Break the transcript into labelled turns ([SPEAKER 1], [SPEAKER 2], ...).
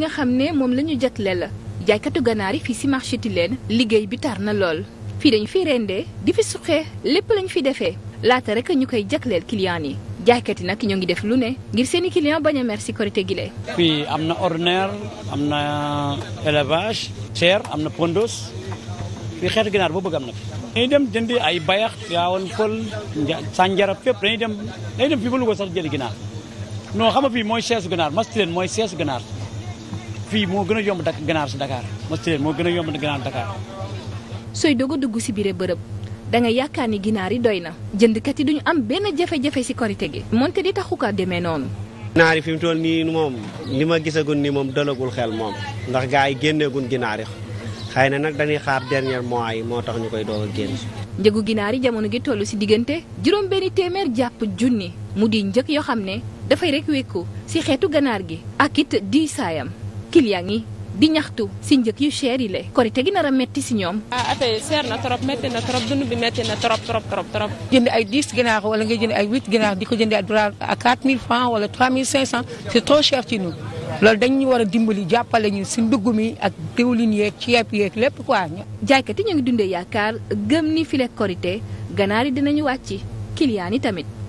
[SPEAKER 1] nga xam ne moom la ñu jagle la jaaykatu ganaar yi fii si marché leen liggéey bi tar na lool fii dañu fiy rendee di fi suqee lépp lañu fi defee laata rek ñu koy jagleel clients yi jaaykat yi nag ñoo ngi def lu ne ngir seen i clients bañ a mer si gi lee
[SPEAKER 2] fii am na ordinaire am na élevage chair am na pondos fii xeetu ganaar boo bëgg am na fi dañuy dem jëndi ay bayax yaawoon pël sànjara fépp dañuy dem dañuy dem fii ba Louga sax jëli xam nga fii mooy seesu ganaar Marché Tilène mooy seesu ganaar fii moo gën a yomb dak ganaar si Dakar Master moo gën a yomb ganaar Dakar.
[SPEAKER 1] sooy doog a dugg si biir bërëb da nga yaakaar ni ginaar yi doy na jëndkat yi duñu am benn jafe-jafe si korite gi. moonte di taxu ko demee noonu.
[SPEAKER 3] ginaar yi fi mu toll nii moom li ma gisagun ni moom dalagul xel moom ndax gaa yi génneegun ginaar yi xëy na nag dañuy xaar dernier mois yi moo tax ñu koy doog génn.
[SPEAKER 1] njëgu ginaar yi jamono gi toll si diggante juróom benn téeméer jàpp junni mu di njëg yoo xam ne dafay rek wékku si xeetu ganaar gi ak di saayam client yi di ñaxtu si njëg yu cher yi la korite gi nar a metti si ñoom. a ah, affaire yi cher na trop metti na trop dund bi metti na trop trop trop trop. jënd ay 10 ginaar wala nga jënd ay 8 ginaar di ko jëndee à dollar à 4000 francs wala 3500 c'est trop cher ci nous. loolu dañ ñu war a dimbali jàppale ñu si ndugg mi ak diwlin yeeg ceeb yeeg lépp quoi. jaaykat yi ñu ngi dundee yaakaar gëm ni file korite ganaar yi dinañu wàcc client yi tamit.